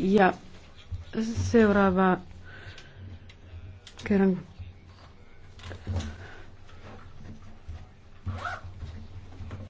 Ja seuraava kerran